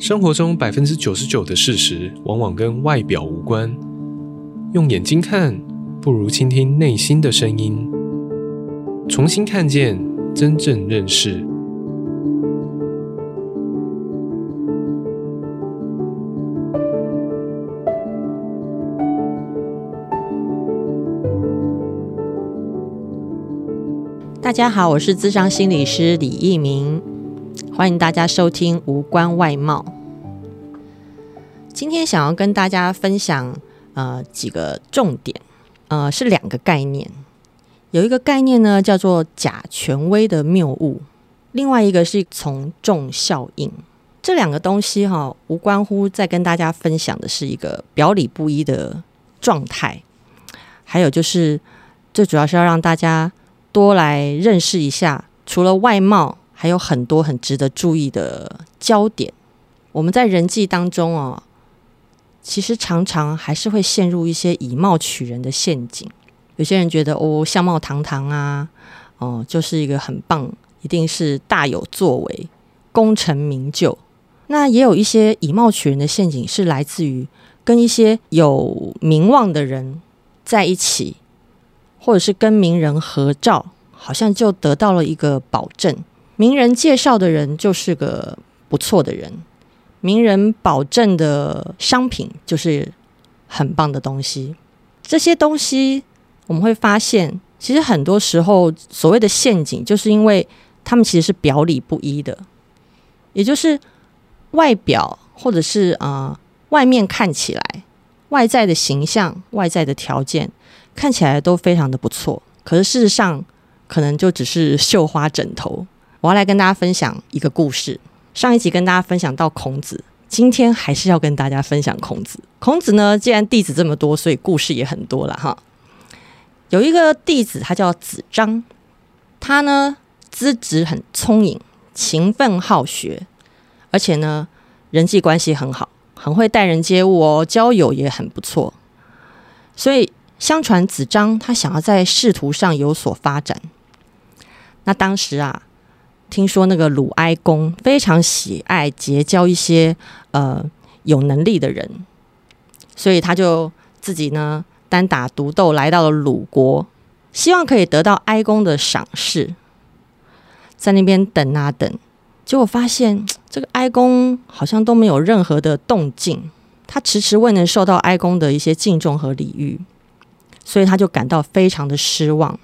生活中百分之九十九的事實，往往跟外表無關。用眼睛看，不如傾聽內心的聲音，重新看見，真正認識。大家好，我是諮商心理師李益明。歡迎大家收聽《無關外貌》。今天想要跟大家分享呃幾個重點，呃是兩個概念，有一個概念呢叫做假權威的謬誤，另外一個是從眾效應。這兩個東西哈、哦，無關乎在跟大家分享的是一個表裡不一的狀態，還有就是最主要是要讓大家多來認識一下，除了外貌。還有很多很值得注意的焦點。我們在人際當中哦，其實常常還是會陷入一些以貌取人的陷阱。有些人覺得哦，相貌堂堂啊，哦，就是一個很棒，一定是大有作為、功成名就。那也有一些以貌取人的陷阱，是來自於跟一些有名望的人在一起，或者是跟名人合照，好像就得到了一個保證。名人介紹的人就是個不錯的人，名人保證的商品就是很棒的東西。這些東西我們會發現，其實很多時候所謂的陷阱，就是因為他們其實是表裡不一的，也就是外表或者是啊、呃、外面看起來外在的形象、外在的條件看起來都非常的不錯，可是事實上可能就只是繡花枕頭。我要來跟大家分享一個故事。上一集跟大家分享到孔子，今天還是要跟大家分享孔子。孔子呢，既然弟子這麼多，所以故事也很多了哈。有一個弟子，他叫子張，他呢資質很聰穎，勤奮好學，而且呢人際關係很好，很會待人接物哦，交友也很不錯。所以相傳子張他想要在仕途上有所發展。那當時啊。聽說那個魯哀公非常喜愛結交一些呃有能力的人，所以他就自己呢單打獨鬥來到了魯國，希望可以得到哀公的賞識，在那邊等啊等，結果發現這個哀公好像都沒有任何的動靜，他遲遲未能受到哀公的一些敬重和禮遇，所以他就感到非常的失望。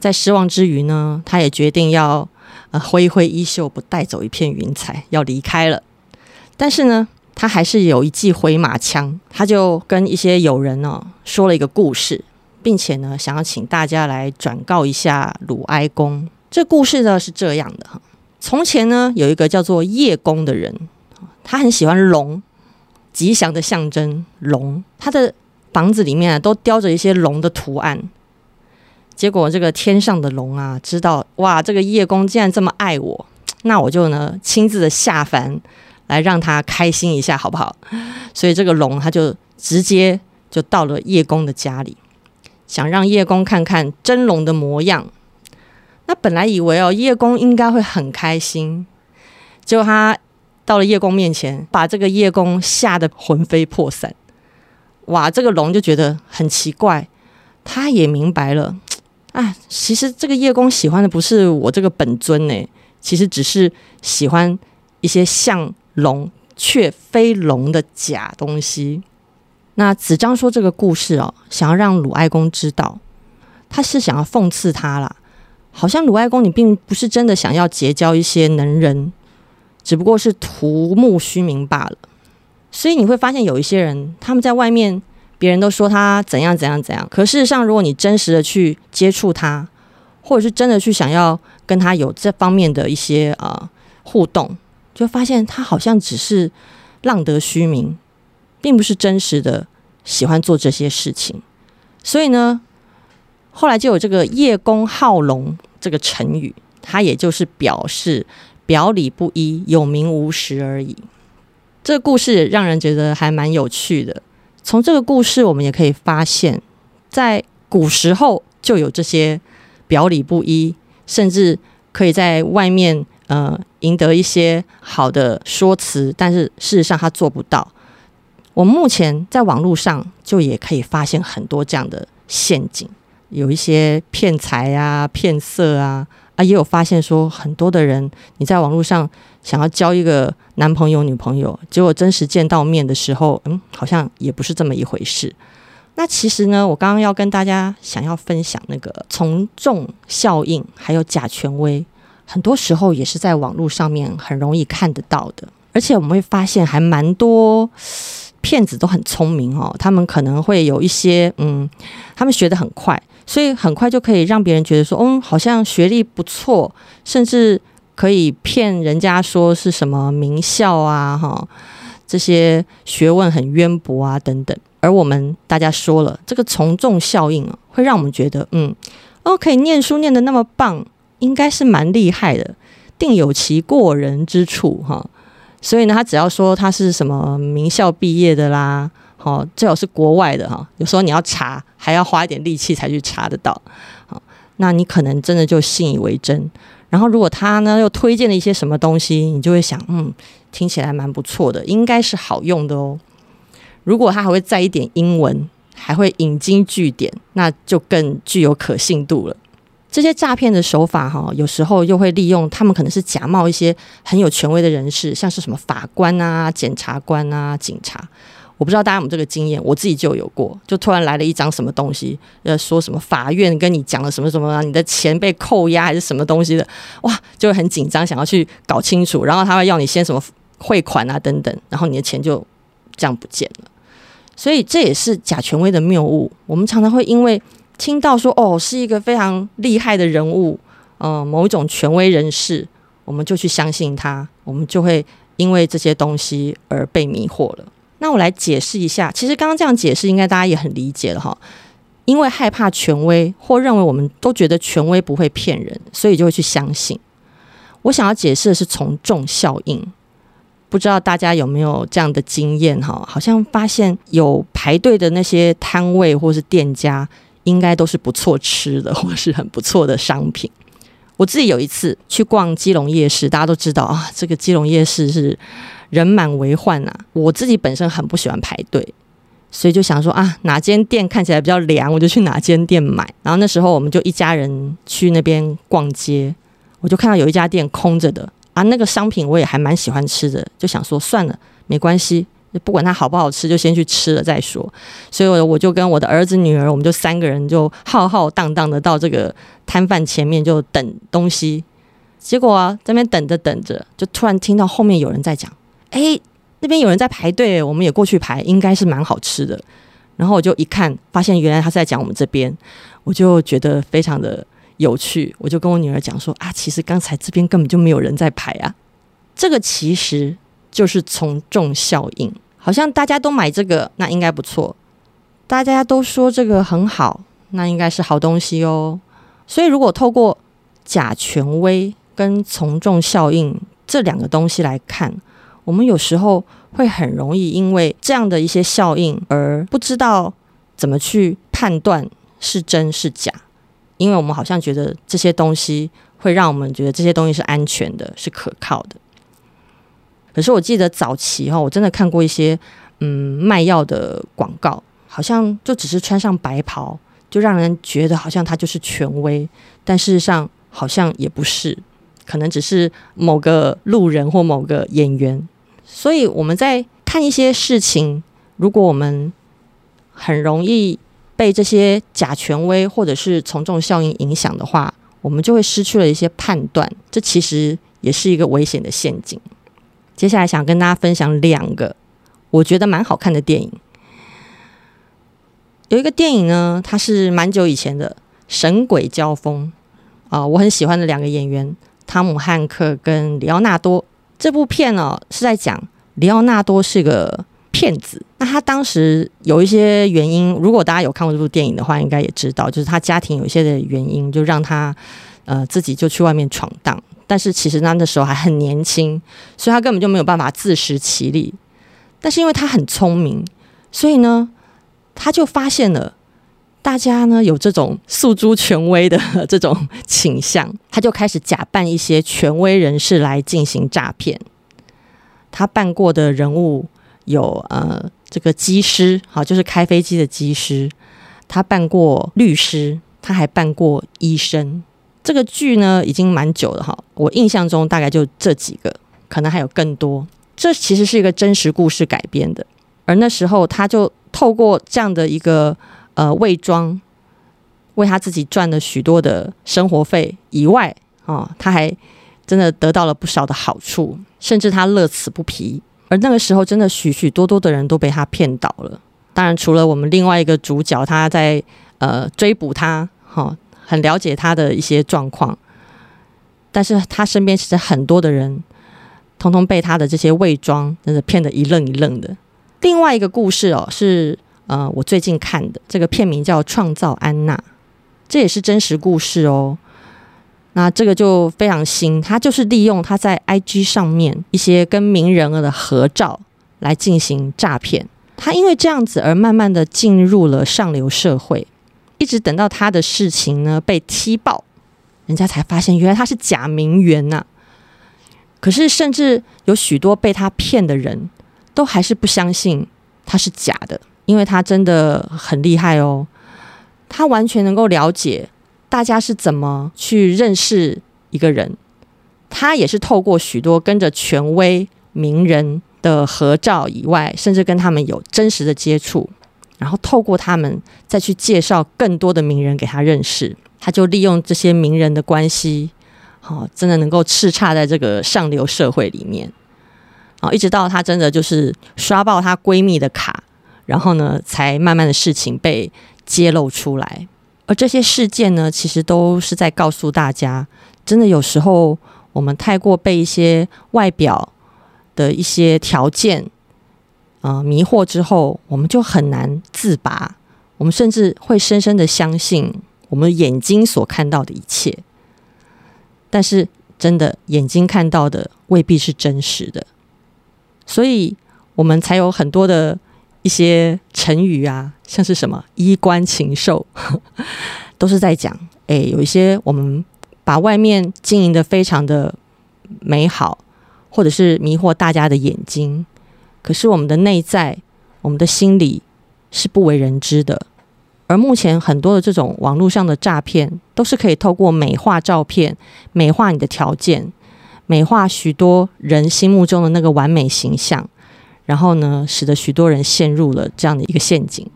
在失望之餘呢，他也決定要。揮揮衣袖，不帶走一片雲彩，要離開了。但是呢，他還是有一記回馬槍，他就跟一些友人呢、哦、說了一個故事，並且呢，想要請大家來轉告一下魯哀公。這故事呢是這樣的：哈，從前呢有一個叫做葉公的人，他很喜歡龍，吉祥的象徵龍，他的房子裡面啊都雕着一些龍的圖案。結果這個天上的龍啊，知道哇，這個葉公竟然這麼愛我，那我就呢親自的下凡來讓他開心一下，好不好？所以這個龍他就直接就到了葉公的家裡，想讓葉公看看真龍的模樣。那本來以為哦，葉公應該會很開心，結果他到了葉公面前，把這個葉公嚇得魂飛魄散。哇，這個龍就覺得很奇怪，他也明白了。啊、哎，其實這個葉公喜歡的不是我這個本尊呢、欸，其實只是喜歡一些像龍卻非龍的假東西。那子張說這個故事哦，想要讓魯哀公知道，他是想要諷刺他啦。好像魯哀公你並不是真的想要結交一些能人，只不過是徒慕虛名罷了。所以你會發現有一些人，他們在外面。別人都說他怎樣怎樣怎樣，可事實上，如果你真實的去接觸他，或者是真的去想要跟他有這方面的一些啊、呃、互動，就發現他好像只是浪得虛名，並不是真實的喜歡做這些事情。所以呢，後來就有這個“葉公好龍”這個成語，它也就是表示表裡不一、有名無實而已。這個故事讓人覺得還蠻有趣的。從這個故事，我們也可以發現，在古時候就有這些表裡不一，甚至可以在外面呃贏得一些好的說辭，但是事實上他做不到。我目前在網絡上就也可以發現很多這樣的陷阱，有一些騙財啊、騙色啊，啊也有發現說很多的人你在網絡上。想要交一個男朋友、女朋友，結果真實見到面的時候，嗯，好像也不是這麼一回事。那其實呢，我剛剛要跟大家想要分享那個從眾效應，還有假權威，很多時候也是在網絡上面很容易看得到的。而且我們會發現，還蠻多騙子都很聰明哦，他們可能會有一些，嗯，他們學得很快，所以很快就可以讓別人覺得說，嗯，好像學歷不錯，甚至。可以騙人家說是什麼名校啊，哈，這些學問很淵博啊，等等。而我們大家說了，這個從眾效應啊，會讓我們覺得，嗯，OK，念書念得那麼棒，應該是蠻厲害的，定有其過人之處哈。所以呢，他只要說他是什麼名校畢業的啦，好，最好是國外的哈。有時候你要查，還要花一點力氣才去查得到。好，那你可能真的就信以為真。然後，如果他呢又推薦了一些什麼東西，你就會想，嗯，聽起來蠻不錯的，應該是好用的哦。如果他還會再一點英文，還會引經據典，那就更具有可信度了。這些詐騙的手法，哈，有時候又會利用他們可能是假冒一些很有權威的人士，像是什麼法官啊、檢察官啊、警察。我不知道大家有沒有這個經驗，我自己就有過，就突然來了一張什麼東西，呃，說什麼法院跟你講了什麼什麼啊，你的錢被扣押還是什麼東西的，哇，就很緊張，想要去搞清楚，然後他會要你先什麼匯款啊等等，然後你的錢就這樣不見了。所以這也是假權威的謬誤。我們常常會因為聽到說哦，是一個非常厲害的人物，嗯、呃，某一種權威人士，我們就去相信他，我們就會因為這些東西而被迷惑了。那我來解釋一下，其實剛剛這樣解釋，應該大家也很理解了哈。因為害怕權威，或認為我們都覺得權威不會騙人，所以就會去相信。我想要解釋的是從眾效應，不知道大家有沒有這樣的經驗哈？好像發現有排隊的那些攤位或是店家，應該都是不錯吃的或是很不錯的商品。我自己有一次去逛基隆夜市，大家都知道啊，這個基隆夜市是。人滿為患吶，啊！我自己本身很不喜歡排隊，所以就想說啊，哪間店看起來比較涼，我就去哪間店買。然後那時候我們就一家人去那邊逛街，我就看到有一家店空着的啊，那個商品我也還蠻喜歡吃的，就想說算了，沒關係，不管它好不好吃，就先去吃了再說。所以，我我就跟我的兒子、女兒，我們就三個人就浩浩蕩蕩的到這個攤販前面就等東西。結果啊，在那邊等着等着，就突然聽到後面有人在講。哎，那邊有人在排隊，我們也過去排，應該是蠻好吃的。然後我就一看，發現原來他是在講我們這邊，我就覺得非常的有趣。我就跟我女兒講說：“啊，其實剛才這邊根本就沒有人在排啊。”這個其實就是從眾效應，好像大家都買這個，那應該不錯。大家都說這個很好，那應該是好東西哦。所以，如果透過假權威跟從眾效應這兩個東西來看，我們有時候會很容易因為這樣的一些效應而不知道怎麼去判斷是真是假，因為我們好像覺得這些東西會讓我們覺得這些東西是安全的、是可靠的。可是我記得早期哈、哦，我真的看過一些嗯賣藥的廣告，好像就只是穿上白袍，就讓人覺得好像他就是權威，但事實上好像也不是，可能只是某個路人或某個演員。所以我們在看一些事情，如果我們很容易被這些假權威或者是從眾效應影響的話，我們就會失去了一些判斷。這其實也是一個危險的陷阱。接下來想跟大家分享兩個我覺得蠻好看的電影。有一個電影呢，它是蠻久以前的《神鬼交鋒》啊，呃，我很喜歡的兩個演員湯姆·漢克跟李奧納多。這部片呢，是在講李奧納多是個騙子。那他當時有一些原因，如果大家有看過這部電影的話，應該也知道，就是他家庭有一些的原因，就讓他呃自己就去外面闖蕩。但是其實那個時候還很年輕，所以他根本就沒有辦法自食其力。但是因為他很聰明，所以呢，他就發現了。大家呢有這種訴諸權威的這種傾向，他就開始假扮一些權威人士來進行詐騙。他扮過的人物有呃這個機師，哈就是開飛機的機師；他扮過律師，他還扮過醫生。這個劇呢已經蠻久了哈，我印象中大概就這幾個，可能還有更多。這其實是一個真實故事改編的，而那時候他就透過這樣的一個。呃，偽裝為他自己賺了許多的生活費以外，哦，他還真的得到了不少的好處，甚至他樂此不疲。而那個時候，真的許許多多的人都被他騙倒了。當然，除了我們另外一個主角，他在呃追捕他，哈、哦，很了解他的一些狀況。但是他身邊其實很多的人，通通被他的這些偽裝，真的騙得一愣一愣的。另外一個故事哦，是。呃，我最近看的這個片名叫《創造安娜》，這也是真實故事哦。那這個就非常新，他就是利用他在 IG 上面一些跟名人的合照來進行詐騙。他因為這樣子而慢慢的進入了上流社會，一直等到他的事情呢被踢爆，人家才發現原來他是假名媛吶、啊。可是，甚至有許多被他騙的人都還是不相信他是假的。因為他真的很厲害哦，他完全能夠了解大家是怎麼去認識一個人。他也是透過許多跟着權威名人的合照以外，甚至跟他們有真實的接觸，然後透過他們再去介紹更多的名人給他認識。他就利用這些名人的關係，哦，真的能夠叱咤在這個上流社會裡面。啊、哦，一直到他真的就是刷爆她閨蜜的卡。然後呢，才慢慢的事情被揭露出來。而這些事件呢，其實都是在告訴大家，真的有時候我們太過被一些外表的一些條件啊、呃、迷惑之後，我們就很難自拔。我們甚至會深深的相信我們眼睛所看到的一切，但是真的眼睛看到的未必是真實的。所以我們才有很多的。一些成語啊，像是什麼“衣冠禽獸”，都是在講，哎、欸，有一些我們把外面經營得非常的美好，或者是迷惑大家的眼睛，可是我們的內在，我們的心裡是不為人知的。而目前很多的這種網絡上的詐騙，都是可以透過美化照片、美化你的條件、美化許多人心目中的那個完美形象。然後呢，使得許多人陷入了這樣的一個陷阱，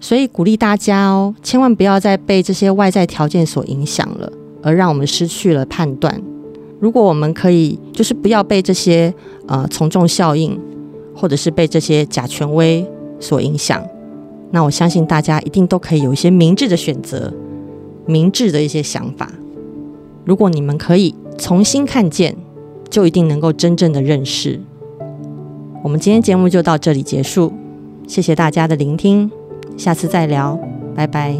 所以鼓勵大家哦，千萬不要再被這些外在條件所影響了，而讓我們失去了判斷。如果我們可以，就是不要被這些呃、從眾效應，或者是被這些假權威所影響，那我相信大家一定都可以有一些明智的選擇，明智的一些想法。如果你們可以重新看見，就一定能夠真正的認識。我們今天節目就到這裡結束，謝謝大家的聆聽，下次再聊，拜拜。